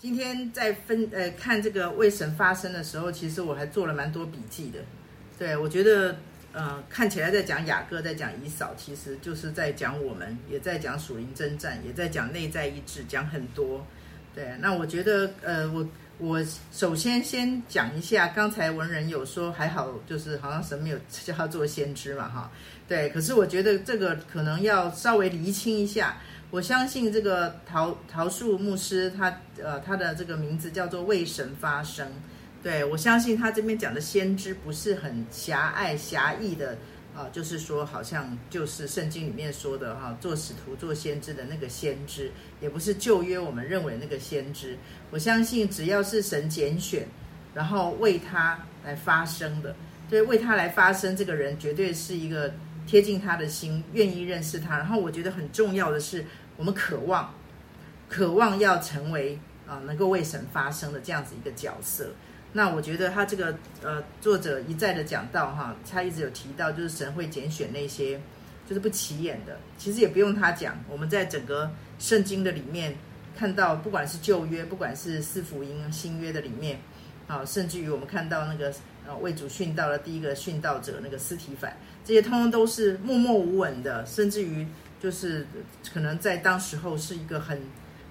今天在分呃看這個為神發聲的時候，其實我還做了蠻多筆記的。對，我覺得呃看起來在講雅各，在講以掃，其實就是在講我們，也在講屬靈征戰，也在講內在一致，講很多。對，那我覺得呃我我首先先講一下，剛才文人有說還好，就是好像神沒有叫他做先知嘛哈。對，可是我覺得這個可能要稍微釐清一下。我相信這個桃桃樹牧師他、他呃，他的這個名字叫做為神發聲。對，我相信他這邊講的先知不是很狹隘狹義的啊、呃，就是說好像就是聖經裡面說的哈，做使徒做先知的那個先知，也不是舊約我們認為那個先知。我相信只要是神揀選，然後為他來發聲的，對，為他來發聲這個人，絕對是一個貼近他的心，願意認識他。然後我覺得很重要的是。我們渴望，渴望要成為啊，能夠為神發聲的這樣子一個角色。那我覺得他這個呃，作者一再的講到哈，他一直有提到，就是神會揀選那些就是不起眼的。其實也不用他講，我們在整個聖經的裡面看到，不管是舊約，不管是四福音、新約的裡面，啊，甚至於我們看到那個呃，為主殉道的第一個殉道者那個司提反，這些通通都是默默無聞的，甚至於。就是可能在當時候是一個很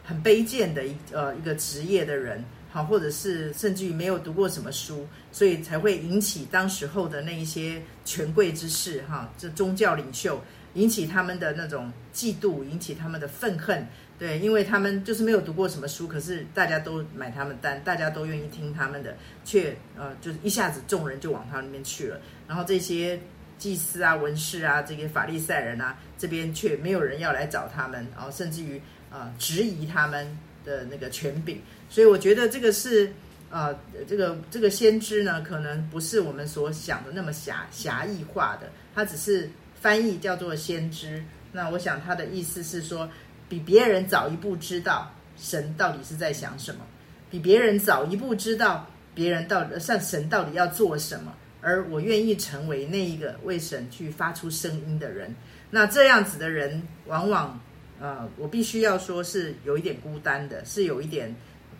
很卑賤的一呃一個職業的人，好，或者是甚至於沒有讀過什麼書，所以才會引起當時候的那一些權貴之士，哈，這宗教領袖引起他們的那種嫉妒，引起他們的憤恨，對，因為他們就是沒有讀過什麼書，可是大家都買他們單，大家都願意聽他們的，卻，呃，就是一下子眾人就往他那邊去了，然後這些。祭司啊，文士啊，這些法利賽人啊，這邊卻沒有人要來找他們，啊、哦，甚至於啊、呃，質疑他們的那個權柄。所以我覺得這個是，呃，這個這個先知呢，可能不是我們所想的那麼狹狹義化的，他只是翻譯叫做先知。那我想他的意思是說，比別人早一步知道神到底是在想什麼，比別人早一步知道別人到底像神到底要做什麼。而我願意成為那一個為神去發出聲音的人。那這樣子的人，往往呃，我必須要說是有一點孤單的，是有一點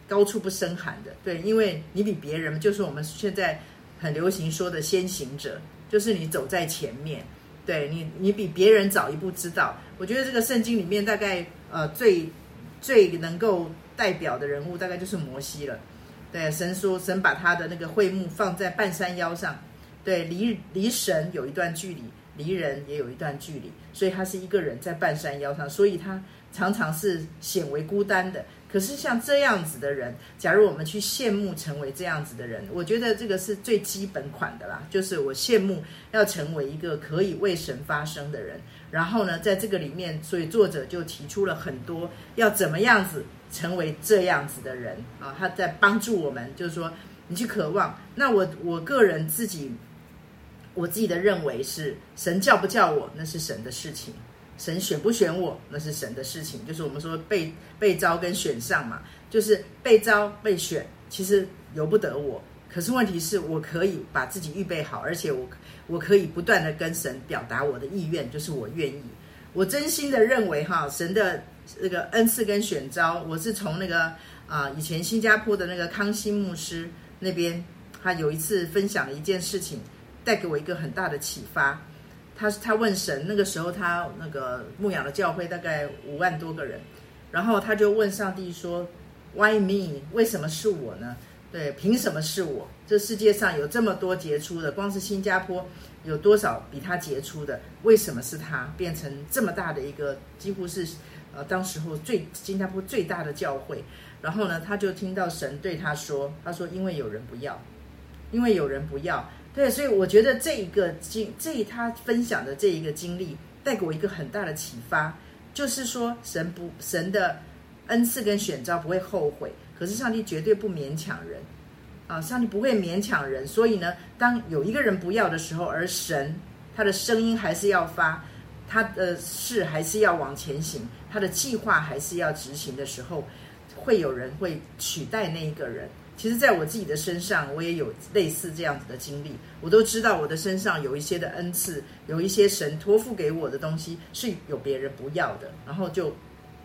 高處不勝寒的，對，因為你比別人，就是我們現在很流行說的先行者，就是你走在前面，對你，你比別人早一步知道。我覺得這個聖經裡面大概呃最最能夠代表的人物，大概就是摩西了。對，神說，神把他的那個會幕放在半山腰上。對，離離神有一段距離，離人也有一段距離，所以他是一個人在半山腰上，所以他常常是顯為孤單的。可是像這樣子的人，假如我們去羨慕成為這樣子的人，我覺得這個是最基本款的啦。就是我羨慕要成為一個可以為神發聲的人，然後呢，在這個裡面，所以作者就提出了很多要怎麼樣子成為這樣子的人啊，他在幫助我們，就是說你去渴望。那我我個人自己。我自己的認為是，神叫不叫我那是神的事情，神選不選我那是神的事情，就是我們說被被召跟選上嘛，就是被召被選，其實由不得我。可是問題是我可以把自己預備好，而且我我可以不斷的跟神表達我的意願，就是我願意。我真心的認為哈，神的那個恩賜跟選召，我是從那個啊、呃、以前新加坡的那個康希牧師那邊，他有一次分享了一件事情。帶給我一個很大的啟發，他他問神，那個時候他那個牧養的教會大概五萬多個人，然後他就問上帝說，Why me？為什麼是我呢？對，憑什麼是我？這世界上有這麼多傑出的，光是新加坡有多少比他傑出的？為什麼是他變成這麼大的一個，幾乎是呃當時候最新加坡最大的教會？然後呢，他就聽到神對他說，他說因為有人不要，因為有人不要。對，所以我覺得這一個經，這一他分享的這一個經歷，帶給我一個很大的啟發，就是說，神不，神的恩賜跟選召不會後悔，可是上帝絕對不勉強人啊，上帝不會勉強人。所以呢，當有一個人不要的時候，而神他的聲音還是要發，他的事還是要往前行，他的計劃還是要執行的時候，會有人會取代那一個人。其實，在我自己的身上，我也有類似這樣子的經歷。我都知道我的身上有一些的恩賜，有一些神托付給我的東西是有別人不要的，然後就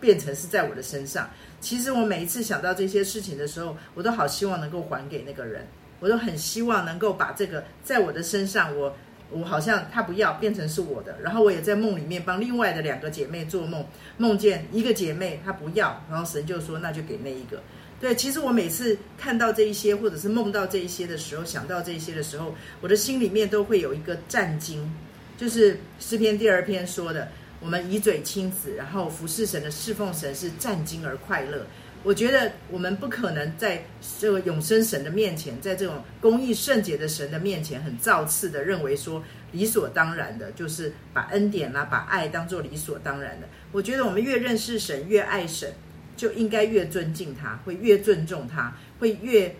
變成是在我的身上。其實，我每一次想到這些事情的時候，我都好希望能夠還給那個人，我都很希望能夠把這個在我的身上，我我好像他不要，變成是我的。然後，我也在夢裡面幫另外的兩個姐妹做夢，夢見一個姐妹她不要，然後神就說，那就給那一個。對，其實我每次看到這一些，或者是夢到這一些的時候，想到這一些的時候，我的心裡面都會有一個戰兢，就是詩篇第二篇說的：“我們以嘴親子，然後服侍神的侍奉神是戰兢而快樂。”我覺得我們不可能在這個永生神的面前，在這種公義聖潔的神的面前，很造次的認為說理所當然的，就是把恩典啦、啊，把愛當作理所當然的。我覺得我們越認識神，越愛神。就應該越尊敬他，會越尊重他，會越，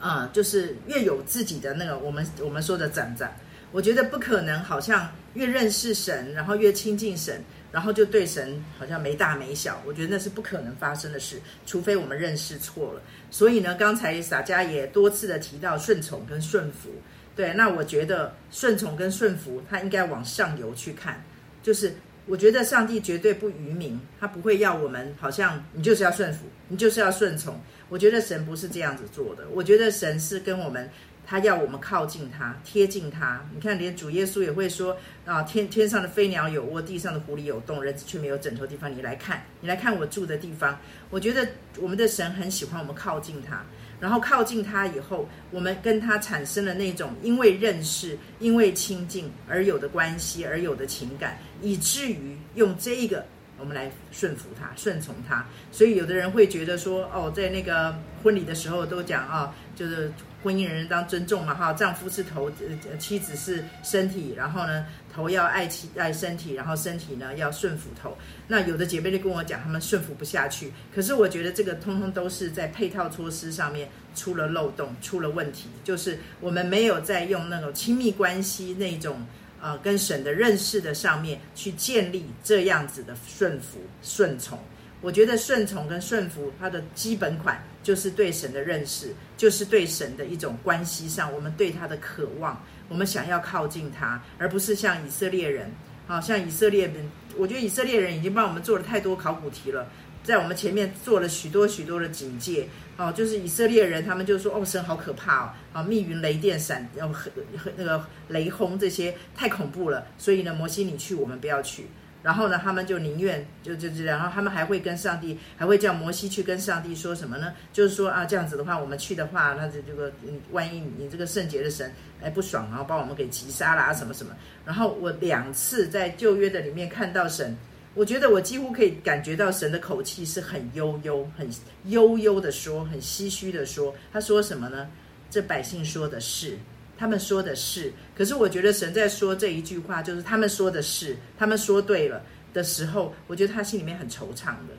呃，就是越有自己的那個我們我們說的長者。我覺得不可能，好像越認識神，然後越親近神，然後就對神好像沒大沒小。我覺得那是不可能發生的事，除非我們認識錯了。所以呢，剛才灑家也多次的提到順從跟順服。對，那我覺得順從跟順服，他應該往上游去看，就是。我覺得上帝絕對不愚民，他不會要我們好像你就是要順服，你就是要順從。我覺得神不是這樣子做的，我覺得神是跟我們。他要我們靠近他，貼近他。你看，連主耶穌也會說啊：“天天上的飛鳥有窩，地上的狐狸有洞，人卻沒有枕頭地方。”你來看，你來看我住的地方。我覺得我們的神很喜歡我們靠近他，然後靠近他以後，我們跟他產生了那種因為認識、因為親近而有的關係，而有的情感，以至於用這個我們來順服他、順從他。所以，有的人會覺得說：“哦，在那個婚禮的時候都講啊、哦，就是。”婚姻人人當尊重嘛哈，丈夫是頭，妻子是身體，然後呢，頭要愛妻愛身體，然後身體呢要順服頭。那有的姐妹就跟我講，她們順服不下去。可是我覺得這個通通都是在配套措施上面出了漏洞，出了問題，就是我們沒有在用那種親密關係那種呃跟神的認識的上面去建立這樣子的順服順從。我覺得順從跟順服它的基本款，就是對神的認識，就是對神的一種關係上，我們對他的渴望，我們想要靠近他，而不是像以色列人好、啊、像以色列人，我覺得以色列人已經幫我們做了太多考古題了，在我們前面做了許多許多的警戒哦、啊，就是以色列人他們就說哦，神好可怕哦，啊，密雲雷電閃，哦，和那個雷轟這些太恐怖了，所以呢，摩西你去，我們不要去。然後呢，他們就寧願就就就，然後他們還會跟上帝，還會叫摩西去跟上帝說什麼呢？就是說啊，這樣子的話，我們去的話，那就這個，嗯，萬一你這個聖潔的神哎不爽，啊，然後把我們給擊殺啦，什麼什麼。然後我兩次在舊約的裡面看到神，我覺得我幾乎可以感覺到神的口氣是很悠悠，很悠悠的說，很唏噓的說，他說什麼呢？這百姓說的是。他們說的是，可是我覺得神在說這一句話，就是他們說的是，他們說對了的時候，我覺得他心裡面很惆悵的。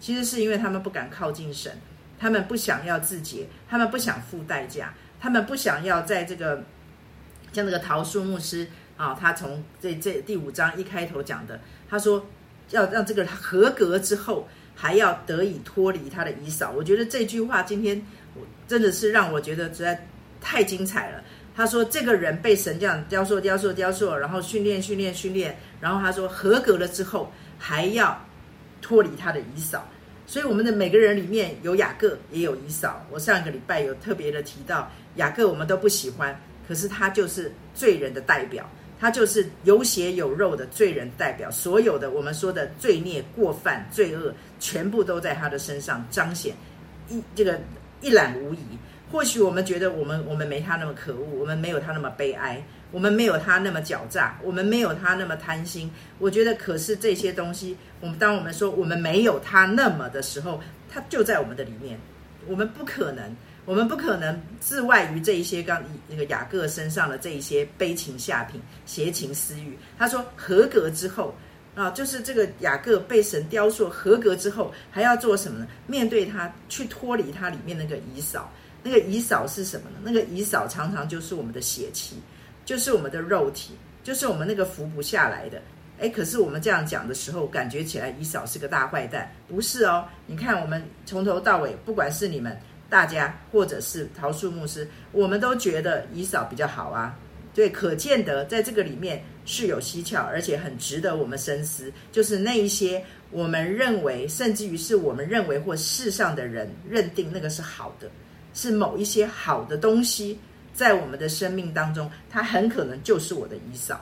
其實是因為他們不敢靠近神，他們不想要自潔，他們不想付代價，他們不想要在這個像那個陶恕牧師啊，他從這這第五章一開頭講的，他說要讓這個人合格之後還要得以脫離他的衣裳。我覺得這句話今天我真的是讓我覺得實在太精彩了。他說：“這個人被神這樣雕塑、雕塑、雕塑，然後訓練、訓練、訓練，然後他說合格了之後，還要脫離他的以掃。所以我們的每個人裡面有雅各，也有以掃。我上一個禮拜有特別的提到，雅各我們都不喜歡，可是他就是罪人的代表，他就是有血有肉的罪人代表。所有的我們說的罪孽、過犯、罪惡，全部都在他的身上彰顯，一這個一覽無遺。”或許我們覺得我們我們沒他那麼可惡，我們沒有他那麼悲哀，我們沒有他那麼狡詐，我們沒有他那麼貪心。我覺得，可是這些東西，我們當我們說我們沒有他那麼的時候，他就在我們的裡面。我們不可能，我們不可能自外於這一些剛那、這個雅各身上的這一些悲情下品、邪情私慾。他說，合格之後啊，就是這個雅各被神雕塑合格之後，還要做什麼呢？面對他，去脫離他裡面那個以掃。那個以掃是什麼呢？那個以掃常常就是我們的血氣，就是我們的肉體，就是我們那個伏不下來的。哎，可是我們這樣講的時候，感覺起來以掃是個大壞蛋，不是哦？你看，我們從頭到尾，不管是你們大家，或者是陶恕牧師，我們都覺得以掃比較好啊。對，可見得在這個裡面是有蹊蹺，而且很值得我們深思。就是那一些我們認為，甚至於是我們認為或世上的人認定那個是好的。是某一些好的東西在我們的生命當中，它很可能就是我的以掃，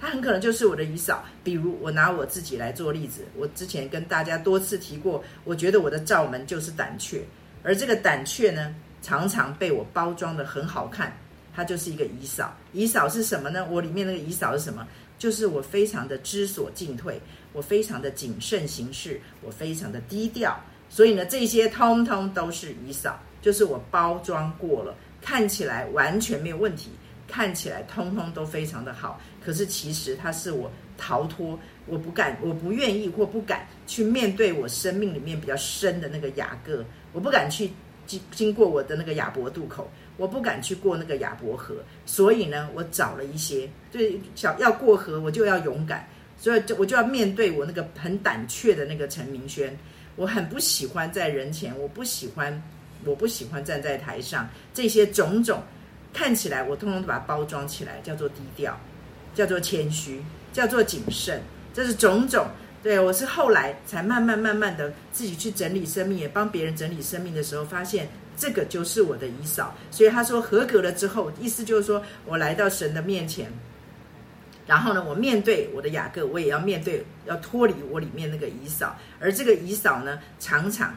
它很可能就是我的以掃。比如我拿我自己來做例子，我之前跟大家多次提過，我覺得我的罩門就是膽怯，而這個膽怯呢，常常被我包裝得很好看，它就是一個以掃。以掃是什麼呢？我裡面那個以掃是什麼？就是我非常的知所進退，我非常的謹慎行事，我非常的低調，所以呢，這些通通都是以掃。就是我包裝過了，看起來完全沒有問題，看起來通通都非常的好。可是其實它是我逃脫，我不敢，我不願意或不敢去面對我生命裡面比較深的那個雅各，我不敢去經經過我的那個雅博渡口，我不敢去過那個雅博河。所以呢，我找了一些，就想要過河，我就要勇敢，所以就我就要面對我那個很膽怯的那個陳明軒。我很不喜歡在人前，我不喜歡。我不喜歡站在台上，這些種種看起來，我通通都把它包裝起來，叫做低調，叫做謙虛，叫做謹慎，這是種種。對，我是後來才慢慢慢慢地自己去整理生命，也幫別人整理生命的時候，發現這個就是我的以掃。所以他說合格了之後，意思就是說我來到神的面前，然後呢，我面對我的雅各，我也要面對，要脫離我裡面那個以掃，而這個以掃呢，常常。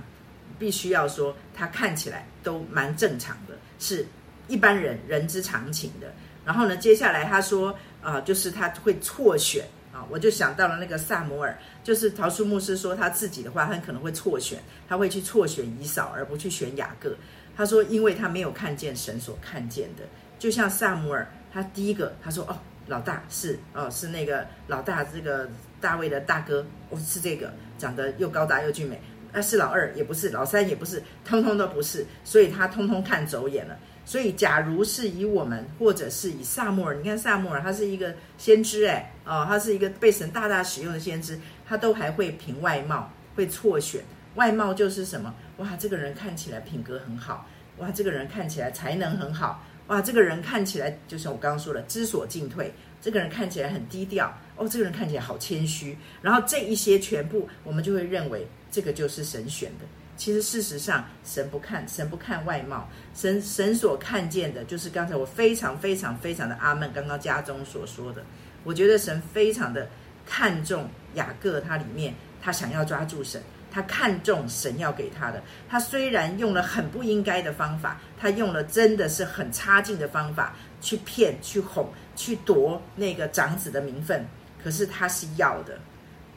必須要說，他看起來都蠻正常的，是一般人人之常情的。然後呢，接下來他說，啊、呃，就是他會錯選啊，我就想到了那個撒母耳，就是陶恕牧師說他自己的話，他很可能會錯選，他會去錯選以掃，而不去選雅各。他說，因為他沒有看見神所看見的，就像撒母耳，他第一個他說，哦，老大是哦，是那個老大，這個大衛的大哥，哦，是這個，長得又高大又俊美。那是老二也不是，老三也不是，通通都不是，所以他通通看走眼了。所以，假如是以我們，或者是以撒母耳，你看撒母耳，他是一個先知，哎，哦，他是一個被神大大使用的先知，他都還會憑外貌會錯選。外貌就是什麼？哇，這個人看起來品格很好，哇，這個人看起來才能很好，哇，這個人看起來就像我剛剛說的知所進退，這個人看起來很低調，哦，這個人看起來好謙虛，然後這一些全部我們就會認為。這個就是神選的。其實事實上，神不看，神不看外貌，神、神所看見的就是剛才我非常非常非常的阿們。剛剛家中所說的，我覺得神非常的看重雅各，他裡面他想要抓住神，他看重神要給他的。他雖然用了很不應該的方法，他用了真的是很差勁的方法去騙、去哄、去奪那個長子的名分，可是他是要的。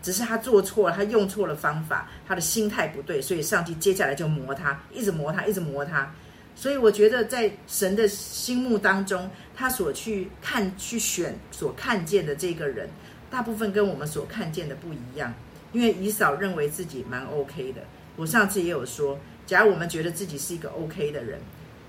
只是他做錯了，他用錯了方法，他的心態不對，所以上帝接下來就磨他，一直磨他，一直磨他。所以我覺得，在神的心目當中，他所去看、去選、所看見的這個人，大部分跟我們所看見的不一樣。因為以掃認為自己蠻 OK 的。我上次也有說，假如我們覺得自己是一個 OK 的人，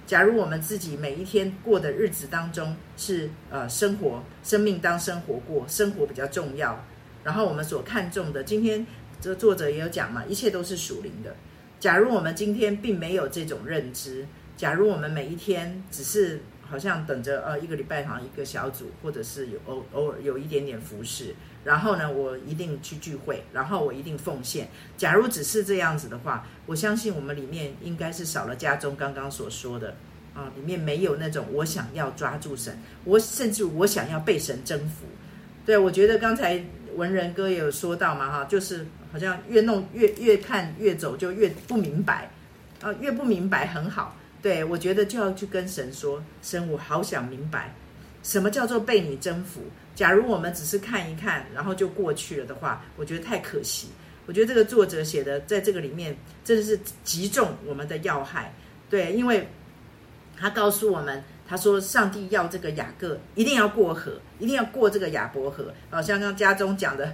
假如我們自己每一天過的日子當中是呃生活、生命當生活過，生活比較重要。然後我們所看重的，今天這作者也有講嘛，一切都是屬靈的。假如我們今天並沒有這種認知，假如我們每一天只是好像等着呃一個禮拜好像一個小組，或者是有偶偶爾有一點點服侍，然後呢，我一定去聚會，然後我一定奉獻。假如只是這樣子的話，我相信我們裡面應該是少了家中剛剛所說的啊，裡面沒有那種我想要抓住神，我甚至我想要被神征服。對，我覺得剛才。文人哥也有說到嘛，哈，就是好像越弄越越看越走就越不明白，啊，越不明白很好，對，我覺得就要去跟神說，神，我好想明白，什麼叫做被你征服？假如我們只是看一看，然後就過去了的話，我覺得太可惜。我覺得這個作者寫的在這個裡面真的是擊中我們的要害，對，因為他告訴我們。他說：“上帝要這個雅各，一定要過河，一定要過這個雅博河。”啊，好像剛剛家中講的，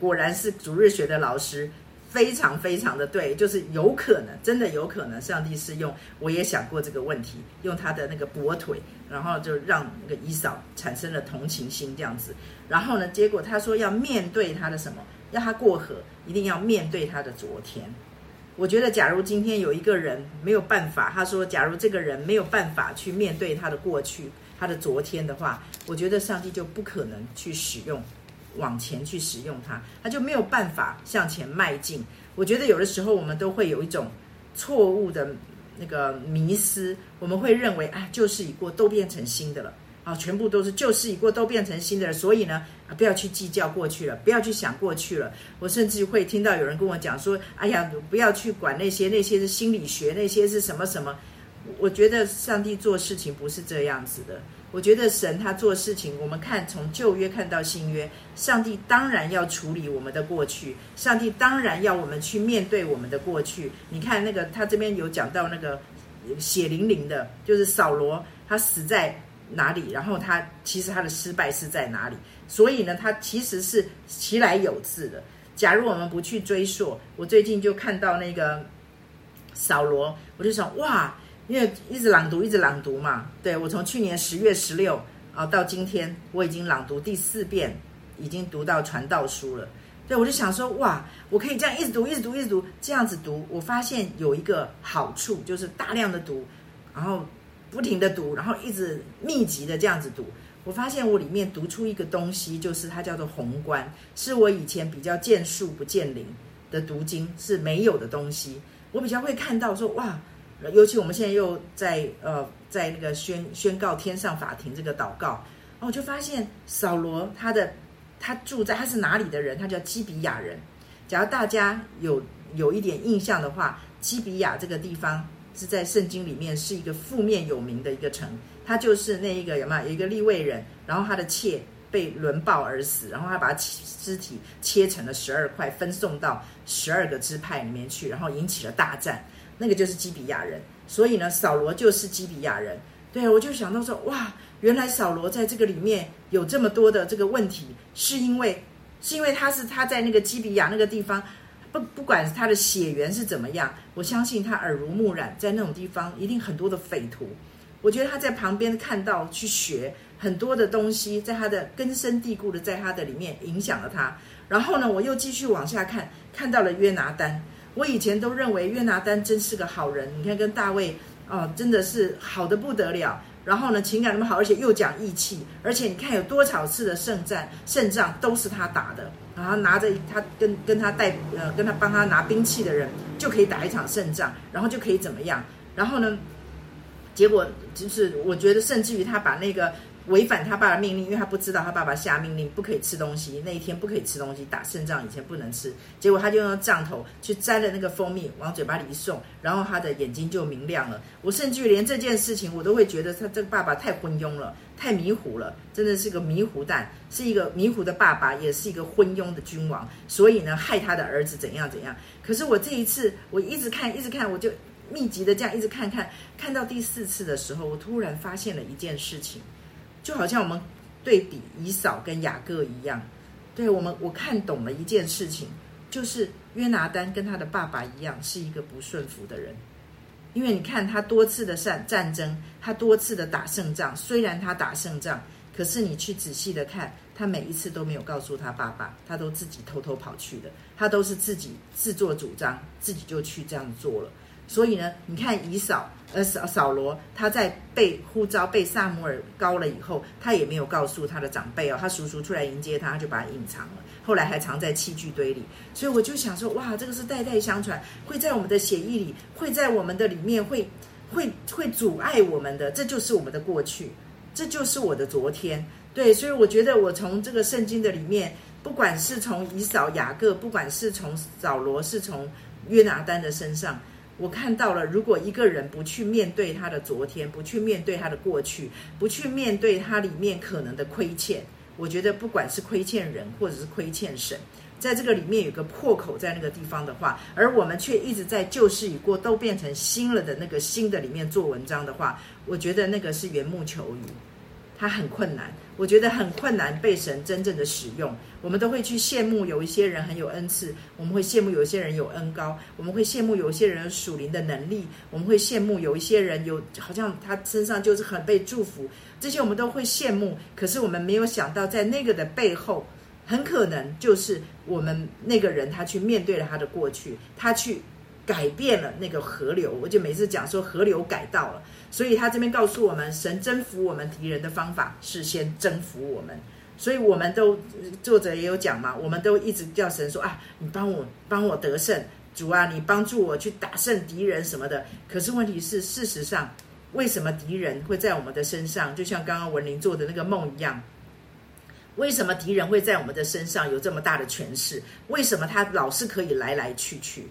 果然是主日學的老師，非常非常的對，就是有可能，真的有可能，上帝是用。我也想過這個問題，用他的那個跛腿，然後就讓那個以掃產生了同情心，這樣子。然後呢，結果他說要面對他的什麼，要他過河，一定要面對他的昨天。我覺得，假如今天有一個人沒有辦法，他說，假如這個人沒有辦法去面對他的過去、他的昨天的話，我覺得上帝就不可能去使用，往前去使用他，他就沒有辦法向前邁進。我覺得有的時候我們都會有一種錯誤的那個迷失，我們會認為，啊，舊事已過，都變成新的了。啊，全部都是舊事已過，都變成新的了。所以呢，不要去計較過去了，不要去想過去了。我甚至會聽到有人跟我講說：“哎呀，不要去管那些那些是心理學，那些是什麼什麼。”我覺得上帝做事情不是這樣子的。我覺得神他做事情，我們看從舊約看到新約，上帝當然要處理我們的過去，上帝當然要我們去面對我們的過去。你看那個他這邊有講到那個血淋淋的，就是掃羅他死在哪裡？然後他其實他的失敗是在哪裡？所以呢，他其實是其來有自的。假如我們不去追溯，我最近就看到那個掃羅，我就想哇，因為一直朗讀，一直朗讀嘛。對，我從去年十月十六啊到今天，我已經朗讀第四遍，已經讀到傳道書了。對，我就想說哇，我可以這樣一直讀，一直讀，一直讀，這樣子讀，我發現有一個好處就是大量的讀，然後。不停地讀，然後一直密集的這樣子讀，我發現我裡面讀出一個東西，就是它叫做宏觀，是我以前比較見樹不見林的讀經是沒有的東西。我比較會看到說哇，尤其我們現在又在呃在那個宣宣告天上法庭這個禱告，然後我就發現掃羅他的他住在他是哪裡的人？他叫基比亞人。假如大家有有一點印象的話，基比亞這個地方。是在聖經裡面是一個負面有名的一個城。他就是那一個什麼有，有，有一個利未人，然後他的妾被輪暴而死，然後他把屍體切成了十二塊，分送到十二個支派裡面去，然後引起了大戰。那個就是基比亞人，所以呢，掃羅就是基比亞人。對啊，我就想到說，哇，原來掃羅在這個裡面有這麼多的這個問題，是因為是因為他是他在那個基比亞那個地方。不，不管他的血緣是怎麼樣，我相信他耳濡目染，在那種地方一定很多的匪徒。我覺得他在旁邊看到去學很多的東西，在他的根深蒂固的，在他的裡面影響了他。然後呢，我又繼續往下看，看到了約拿丹。我以前都認為約拿丹真是個好人，你看跟大衛啊、呃，真的是好得不得了。然後呢，情感那麼好，而且又講義氣，而且你看有多少次的勝戰，勝仗都是他打的，然後拿着他跟跟他帶呃跟他幫他拿兵器的人就可以打一場勝仗，然後就可以怎麼樣？然後呢，結果就是我覺得甚至於他把那個。違反他爸的命令，因為他不知道他爸爸下命令不可以吃東西，那一天不可以吃東西，打勝仗以前不能吃。結果他就用杖頭去沾了那個蜂蜜，往嘴巴裡一送，然後他的眼睛就明亮了。我甚至連這件事情，我都會覺得他這個爸爸太昏庸了，太迷糊了，真的是個迷糊蛋，是一個迷糊的爸爸，也是一個昏庸的君王。所以呢，害他的兒子怎樣怎樣。可是我這一次，我一直看，一直看，我就密集的這樣一直看看，看到第四次的時候，我突然發現了一件事情。就好像我們對比以掃跟雅各一樣，對，我們我看懂了一件事情，就是約拿單跟他的爸爸一樣是一個不順服的人，因為你看他多次的戰戰爭，他多次的打勝仗，雖然他打勝仗，可是你去仔細的看，他每一次都沒有告訴他爸爸，他都自己偷偷跑去的，他都是自己自作主張，自己就去這樣做了。所以呢，你看以掃，呃，掃掃羅，他在被呼召被撒母耳膏了以後，他也沒有告訴他的長輩哦，他叔叔出來迎接他，他就把他隱藏了，後來還藏在器具堆裡。所以我就想說，哇，這個是代代相傳，會在我們的血液裡，會在我們的裡面，會會會阻礙我們的，這就是我們的過去，這就是我的昨天。對，所以我覺得我從這個聖經的裡面，不管是從以掃雅各，不管是從掃羅，是從約拿單的身上。我看到了，如果一個人不去面對他的昨天，不去面對他的過去，不去面對他裡面可能的虧欠，我覺得不管是虧欠人或者是虧欠神，在這個裡面有個破口在那個地方的話，而我們卻一直在舊事已過都變成新了的那個新的裡面做文章的話，我覺得那個是緣木求魚。他很困難，我覺得很困難被神真正的使用，我們都會去羨慕有一些人很有恩賜，我們會羨慕有一些人有恩膏，我們會羨慕有一些人有屬靈的能力，我們會羨慕有一些人有好像他身上就是很被祝福，這些我們都會羨慕，可是我們沒有想到在那個的背後，很可能就是我們那個人他去面對了他的過去，他去。改變了那個河流，我就每次講說河流改道了。所以他這邊告訴我們，神征服我們敵人的方法是先征服我們。所以我們都作者也有講嘛，我們都一直叫神說啊，你幫我幫我得勝，主啊，你幫助我去打勝敵人什麼的。可是問題是，事實上為什麼敵人會在我們的身上？就像剛剛文林做的那個夢一樣，為什麼敵人會在我們的身上有這麼大的權勢？為什麼他老是可以來來去去？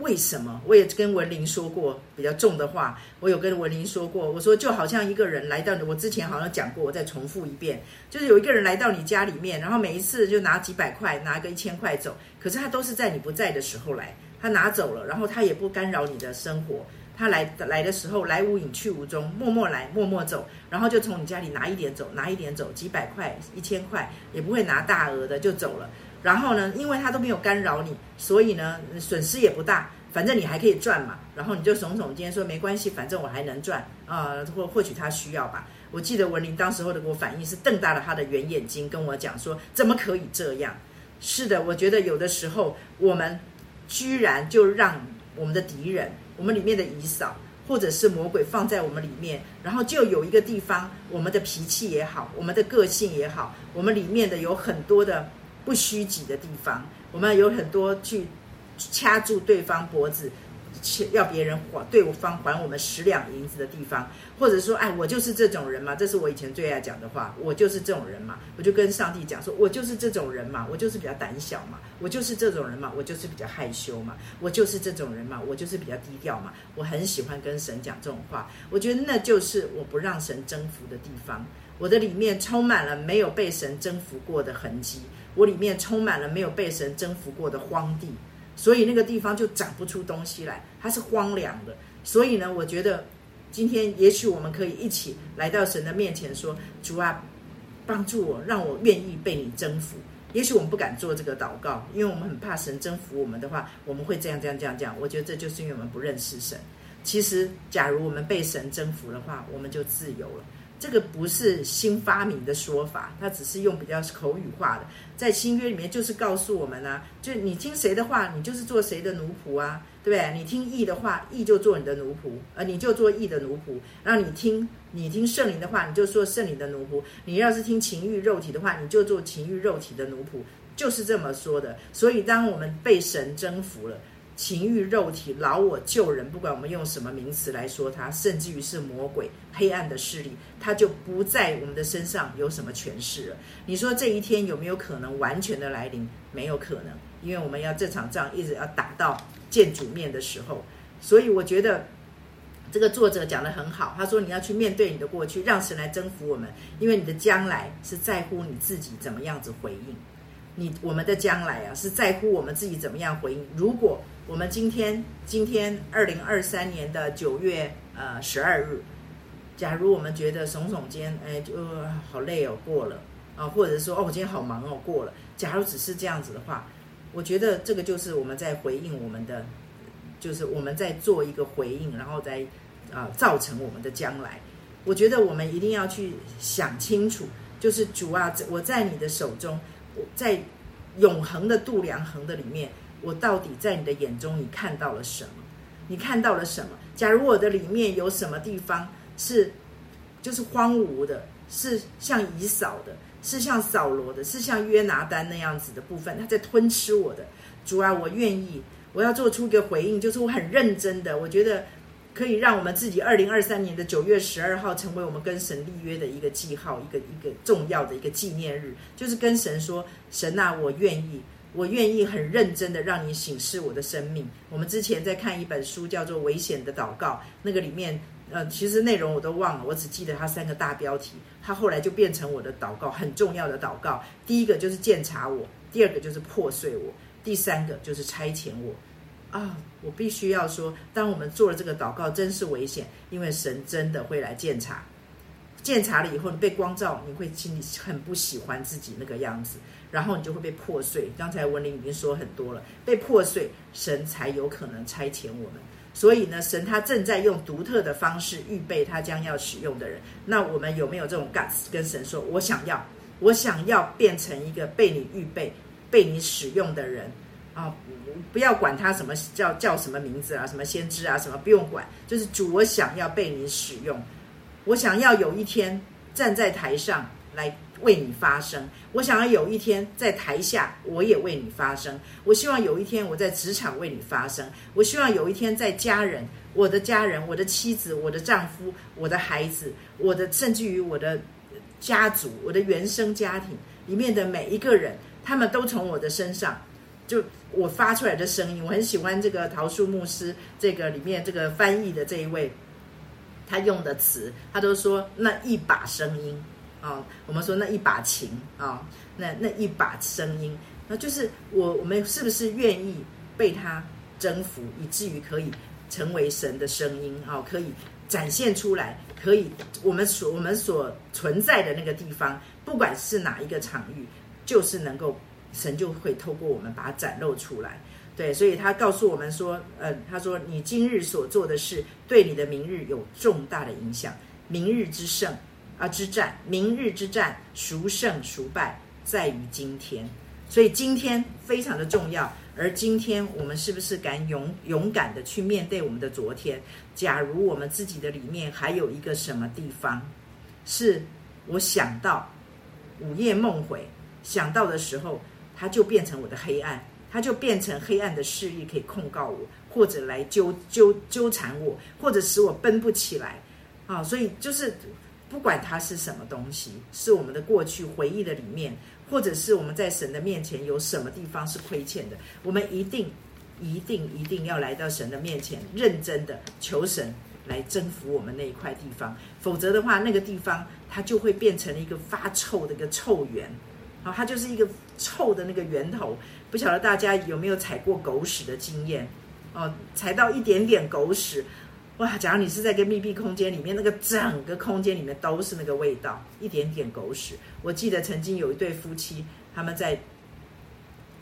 為什麼？我也跟文林說過比較重的話。我有跟文林說過，我說就好像一個人來到，我之前好像講過，我再重複一遍，就是有一個人來到你家裡面，然後每一次就拿幾百塊，拿個一千塊走。可是他都是在你不在的時候來，他拿走了，然後他也不干擾你的生活。他來來的時候，來無影去無蹤，默默來，默默走，然後就從你家裡拿一點走，拿一點走，幾百塊、一千塊也不會拿大額的就走了。然後呢，因為他都沒有干擾你，所以呢，損失也不大。反正你還可以賺嘛。然後你就聳聳肩說：“沒關係，反正我還能賺。呃”啊，或或許他需要吧。我記得文玲當時候的我反應是瞪大了他的圓眼睛，跟我講說：“怎麼可以這樣？”是的，我覺得有的時候我們居然就讓我們的敵人，我們裡面的以掃或者是魔鬼放在我們裡面，然後就有一個地方，我們的脾氣也好，我們的個性也好，我們裡面的有很多的。不虛己的地方，我們有很多去掐住對方脖子，要別人還對我方還我們十兩銀子的地方，或者說，哎，我就是這種人嘛，這是我以前最愛講的話。我就是這種人嘛，我就跟上帝講說，我就是這種人嘛，我就是比較膽小嘛，我就是這種人嘛，我就是比較害羞嘛，我就是這種人嘛，我就是比較低調嘛。我很喜歡跟神講這種話，我覺得那就是我不讓神征服的地方。我的裡面充滿了沒有被神征服過的痕跡，我裡面充滿了沒有被神征服過的荒地。所以那個地方就長不出東西來，它是荒涼的。所以呢，我覺得今天也許我們可以一起來到神的面前，說：“主啊，幫助我，讓我願意被你征服。”也許我們不敢做這個禱告，因為我們很怕神征服我們的話，我們會這樣這樣這樣這樣。我覺得這就是因為我們不認識神。其實，假如我們被神征服的話，我們就自由了。這個不是新發明的說法，它只是用比較口語化的，在新約裡面就是告訴我們呢、啊，就你聽誰的話，你就是做誰的奴僕啊，對不對？你聽義的話，義就做你的奴僕，而你就做義的奴僕。然後你聽，你聽聖靈的話，你就做聖靈的奴僕。你要是聽情欲肉體的話，你就做情欲肉體的奴僕，就是這麼說的。所以，當我們被神征服了。情慾肉體老我舊人，不管我們用什麼名詞來說他，甚至於是魔鬼、黑暗的勢力，他就不在我們的身上有什麼權勢了。你說這一天有沒有可能完全的來臨？沒有可能，因為我們要這場仗一直要打到見主面的時候。所以我覺得這個作者講得很好，他說你要去面對你的過去，讓神來征服我們，因為你的將來是在乎你自己怎麼樣子回應。你我們的將來啊，是在乎我們自己怎麼樣回應。如果我們今天，今天二零二三年的九月呃十二日，假如我們覺得聳聳肩，哎，就、哦、好累哦，過了啊，或者說哦，我今天好忙哦，過了。假如只是這樣子的話，我覺得這個就是我們在回應我們的，就是我們在做一個回應，然後再啊、呃、造成我們的將來。我覺得我們一定要去想清楚，就是主啊，我在你的手中。在永恆的度量衡的裡面，我到底在你的眼中，你看到了什麼？你看到了什麼？假如我的裡面有什麼地方是就是荒蕪的，是像以掃的，是像掃羅的，是像約拿單那樣子的部分，他在吞吃我的。主啊，我願意，我要做出一個回應，就是我很認真的，我覺得。可以讓我們自己二零二三年的九月十二號成為我們跟神立約的一個記號，一個一個重要的一個紀念日，就是跟神說：“神啊，我願意，我願意很認真的讓你審視我的生命。”我們之前在看一本書，叫做《危險的禱告》，那個裡面呃，其實內容我都忘了，我只記得它三個大標題。它後來就變成我的禱告，很重要的禱告。第一個就是鑒察我，第二個就是破碎我，第三個就是差遣我。啊、哦，我必須要說，當我們做了這個禱告，真是危險，因為神真的會來鑒察。鑒察了以後，你被光照，你會心裡很不喜歡自己那個樣子，然後你就會被破碎。剛才文玲已經說很多了，被破碎，神才有可能差遣我們。所以呢，神他正在用獨特的方式預備他將要使用的人。那我們有沒有這種感，跟神說，我想要，我想要變成一個被你預備、被你使用的人？啊，哦，不要管他什麼叫叫什麼名字啊，什麼先知啊，什麼不用管。就是主，我想要被你使用，我想要有一天站在台上來為你發聲，我想要有一天在台下我也為你發聲，我希望有一天我在職場為你發聲，我希望有一天在家人，我的家人，我的妻子，我的丈夫，我的孩子，我的甚至於我的家族，我的原生家庭裡面的每一個人，他們都從我的身上。就我發出來的聲音，我很喜歡這個桃樹牧師這個裡面這個翻譯的這一位，他用的詞，他都說那一把聲音啊，我們說那一把琴啊，那那一把聲音，那就是我我們是不是願意被他征服，以至於可以成為神的聲音啊？可以展現出來，可以我們所我們所存在的那個地方，不管是哪一個場域，就是能夠。神就會透過我們把它展露出來，對，所以他告訴我們說，呃，他說你今日所做的事，對你的明日有重大的影響。明日之勝啊之戰，明日之戰，孰勝孰敗，在於今天，所以今天非常的重要。而今天我們是不是敢勇勇敢的去面對我們的昨天？假如我們自己的裡面還有一個什麼地方，是我想到午夜夢回想到的時候，它就變成我的黑暗，它就變成黑暗的勢力，可以控告我，或者來糾糾糾纏我，或者使我奔不起來啊！所以就是不管它是什麼東西，是我們的過去回憶的裡面，或者是我們在神的面前有什麼地方是虧欠的，我們一定一定一定要來到神的面前，認真的求神來征服我們那一塊地方，否則的話，那個地方它就會變成了一個發臭的一個臭源。哦，它就是一個臭的那個源頭，不曉得大家有沒有踩過狗屎的經驗？哦，踩到一點點狗屎，哇！假如你是在個密閉空間裡面，那個整個空間裡面都是那個味道，一點點狗屎。我記得曾經有一對夫妻，他們在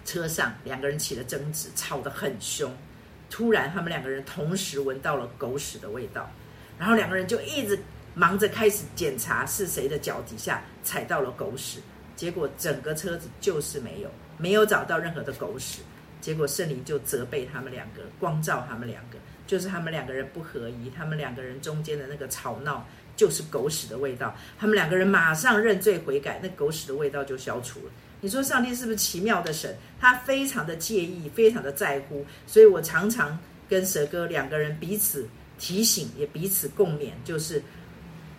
車上兩個人起了爭執，吵得很凶，突然他們兩個人同時聞到了狗屎的味道，然後兩個人就一直忙着開始檢查是誰的腳底下踩到了狗屎。結果整個車子就是沒有，沒有找到任何的狗屎。結果聖靈就責備他們兩個，光照他們兩個，就是他們兩個人不合一，他們兩個人中間的那個吵鬧就是狗屎的味道。他們兩個人馬上認罪悔改，那狗屎的味道就消除了。你說上帝是不是奇妙的神？他非常的介意，非常的在乎。所以我常常跟蛇哥兩個人彼此提醒，也彼此共勉，就是。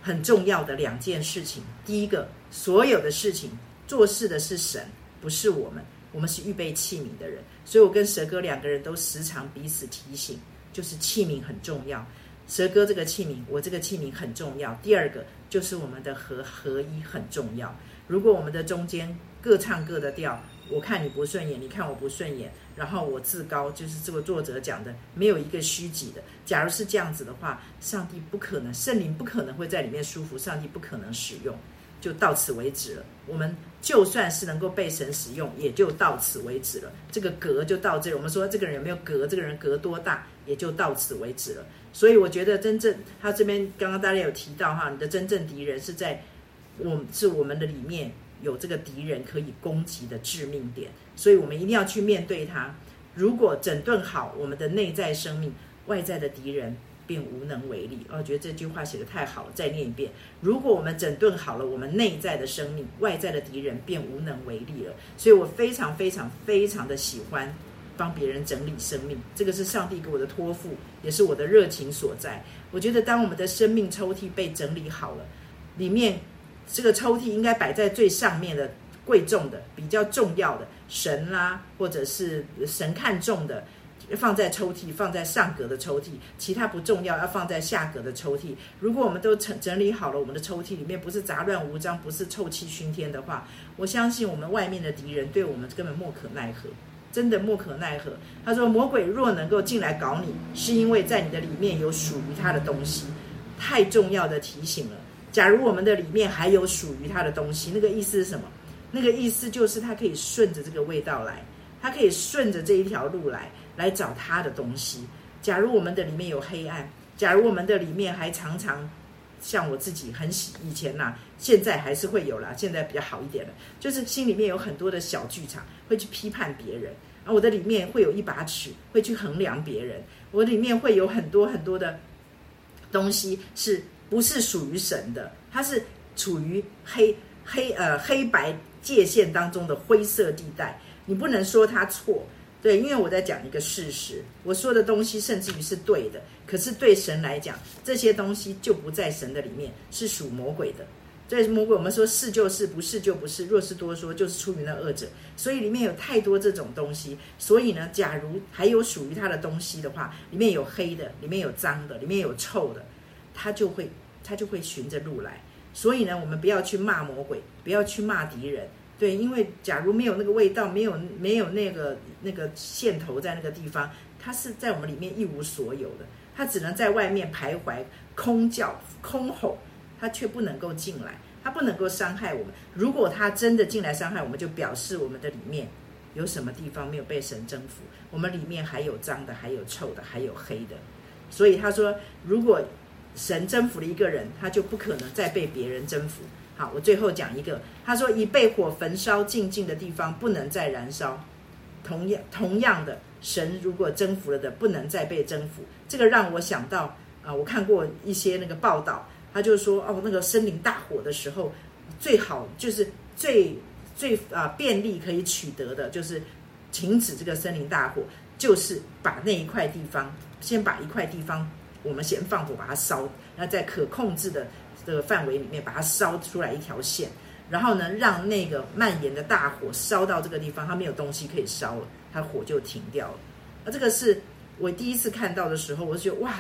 很重要的兩件事情，第一個，所有的事情做事的是神，不是我們，我們是預備器皿的人。所以我跟蛇哥兩個人都時常彼此提醒，就是器皿很重要，蛇哥這個器皿，我這個器皿很重要。第二個就是我們的合合一很重要，如果我們的中間各唱各的調。我看你不順眼，你看我不順眼，然後我自高，就是這個作者講的，沒有一個虛己的。假如是這樣子的話，上帝不可能，聖靈不可能會在裡面舒服，上帝不可能使用，就到此為止了。我們就算是能夠被神使用，也就到此為止了。這個格就到這裡，我們說這個人有沒有格？這個人格多大，也就到此為止了。所以我覺得真正他這邊剛剛大家有提到哈，你的真正敵人是在我們，是我們的裡面。有這個敵人可以攻擊的致命點，所以我們一定要去面對它。如果整頓好我們的內在生命，外在的敵人便無能為力。我覺得這句話寫得太好了，再念一遍：如果我們整頓好了我們內在的生命，外在的敵人便無能為力了。所以我非常非常非常的喜歡幫別人整理生命，這個是上帝給我的托付，也是我的熱情所在。我覺得當我們的生命抽屜被整理好了，裡面。這個抽屜應該擺在最上面的，貴重的、比較重要的神啦、啊，或者是神看重的，放在抽屜，放在上格的抽屜。其他不重要，要放在下格的抽屜。如果我們都整整理好了，我們的抽屜裡面不是雜亂無章，不是臭氣熏天的話，我相信我們外面的敵人對我們根本莫可奈何，真的莫可奈何。他說：“魔鬼若能夠進來搞你，是因為在你的裡面有屬於他的東西。”太重要的提醒了。假如我們的裡面還有屬於他的東西，那個意思是什麼？那個意思就是他可以順着這個味道來，他可以順着這一條路來來找他的東西。假如我們的裡面有黑暗，假如我們的裡面還常常像我自己很喜以前吶、啊，現在還是會有啦，現在比較好一點了，就是心裡面有很多的小劇場，會去批判別人。啊，我的裡面會有一把尺，會去衡量別人。我的裡面會有很多很多的東西是。不是屬於神的，它，是處於黑黑呃黑白界限當中的灰色地帶。你不能說它錯，對，因為我在講一個事實，我說的東西甚至於是對的。可是對神來講，這些東西就不在神的裡面，是屬魔鬼的。所以魔鬼，我們說是就是，不是就不是，若是多說，就是出於那惡者。所以裡面有太多這種東西。所以呢，假如還有屬於它的東西的話，裡面有黑的，裡面有髒的，裡面有臭的，它就會。他就會循着路來，所以呢，我們不要去罵魔鬼，不要去罵敵人，對，因為假如沒有那個味道，沒有沒有那個那個線頭在那個地方，他是在我們裡面一無所有的，他只能在外面徘徊，空叫空吼，他卻不能夠進來，他不能夠傷害我們。如果他真的進來傷害我們，就表示我們的裡面有什麼地方沒有被神征服，我們裡面還有髒的，還有臭的，還有黑的。所以他說，如果。神征服了一個人，他就不可能再被別人征服。好，我最後講一個，他說：“已被火焚燒，靜靜的地方不能再燃燒。”同樣，同樣的，神如果征服了的，不能再被征服。這個讓我想到啊，我看過一些那個報道，他就說哦，那個森林大火的時候，最好就是最最啊便利可以取得的就是停止這個森林大火，就是把那一塊地方，先把一塊地方。我們先放火把它燒，那在可控制的這個範圍裡面把它燒出來一條線，然後呢，讓那個蔓延的大火燒到這個地方，它沒有東西可以燒了，它火就停掉了。啊，這個是我第一次看到的時候，我就覺得哇，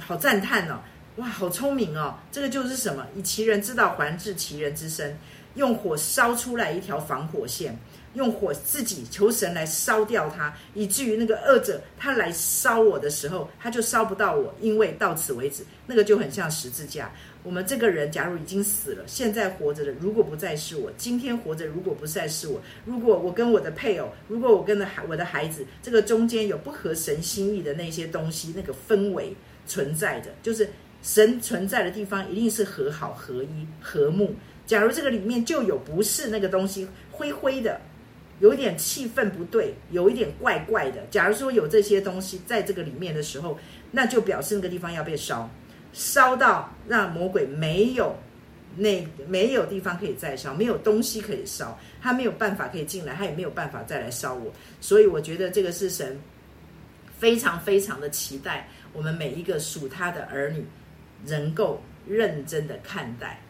好讚嘆哦，哇，好聰明哦！這個就是什麼？以其人之道還治其人之身，用火燒出來一條防火線。用火自己求神來燒掉他，以至於那個惡者他來燒我的時候，他就燒不到我，因為到此為止，那個就很像十字架。我們這個人假如已經死了，現在活着的如果不再是我，今天活着如果不再是我，如果我跟我的配偶，如果我跟的孩我的孩子，這個中間有不合神心意的那些東西，那個氛圍存在着，就是神存在的地方一定是和好合一和睦。假如這個裡面就有不是那個東西，灰灰的。有一點氣氛不對，有一點怪怪的。假如說有這些東西在這個裡面的時候，那就表示那個地方要被燒，燒到讓魔鬼沒有那沒有地方可以再燒，沒有東西可以燒，他沒有辦法可以進來，他也沒有辦法再來燒我。所以我覺得這個是神非常非常的期待我們每一個屬他的兒女能夠認真的看待。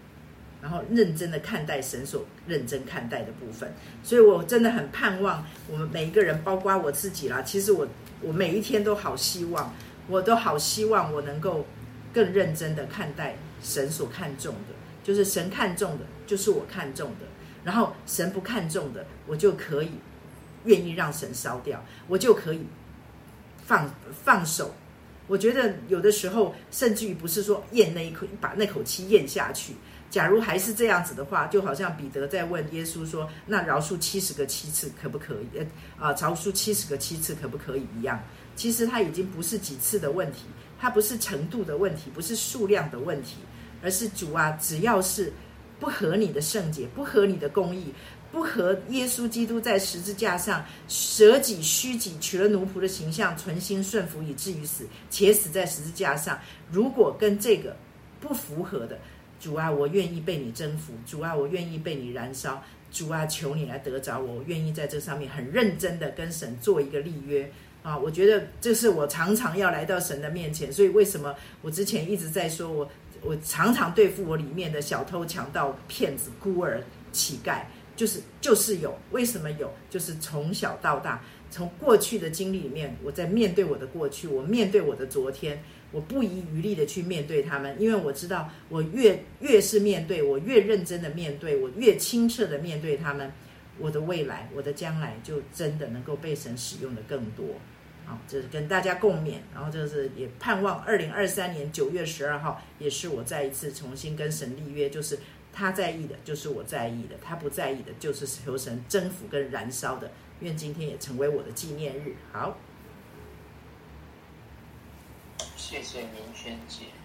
然後認真的看待神所認真看待的部分，所以我真的很盼望我們每一個人，包括我自己啦。其實我我每一天都好希望，我都好希望我能夠更認真的看待神所看重的，就是神看重的，就是我看重的。然後神不看重的，我就可以願意讓神燒掉，我就可以放放手。我覺得有的時候，甚至於不是說嚥那一口，把那口氣嚥下去。假如還是這樣子的話，就好像彼得在問耶穌說：“那饒恕七十個七次可不可以？呃，啊，饒恕七十個七次可不可以？”一樣。其實它已經不是幾次的問題，它不是程度的問題，不是數量的問題，而是主啊，只要是不合你的聖潔、不合你的公義、不合耶穌基督在十字架上捨己、虛己、取了奴僕的形象、存心順服以至於死，且死在十字架上，如果跟這個不符合的。主啊，我願意被你征服。主啊，我願意被你燃燒。主啊，求你來得着我。我願意在這上面很認真的跟神做一個立約啊！我覺得這是我常常要來到神的面前。所以為什麼我之前一直在說我，我我常常對付我裡面的小偷、強盜、騙子、孤兒、乞丐，就是就是有。為什麼有？就是從小到大，從過去的經歷裡面，我在面對我的過去，我面對我的昨天。我不遺餘力的去面對他們，因為我知道，我越越是面對，我越認真的面對，我越清澈的面對他們，我的未來，我的將來，就真的能夠被神使用的更多。好，哦，這是跟大家共勉，然後就是也盼望二零二三年九月十二號，也是我再一次重新跟神立約，就是他在意的，就是我在意的，他不在意的，就是求神征服跟燃燒的。願今天也成為我的紀念日。好。謝謝明軒姐。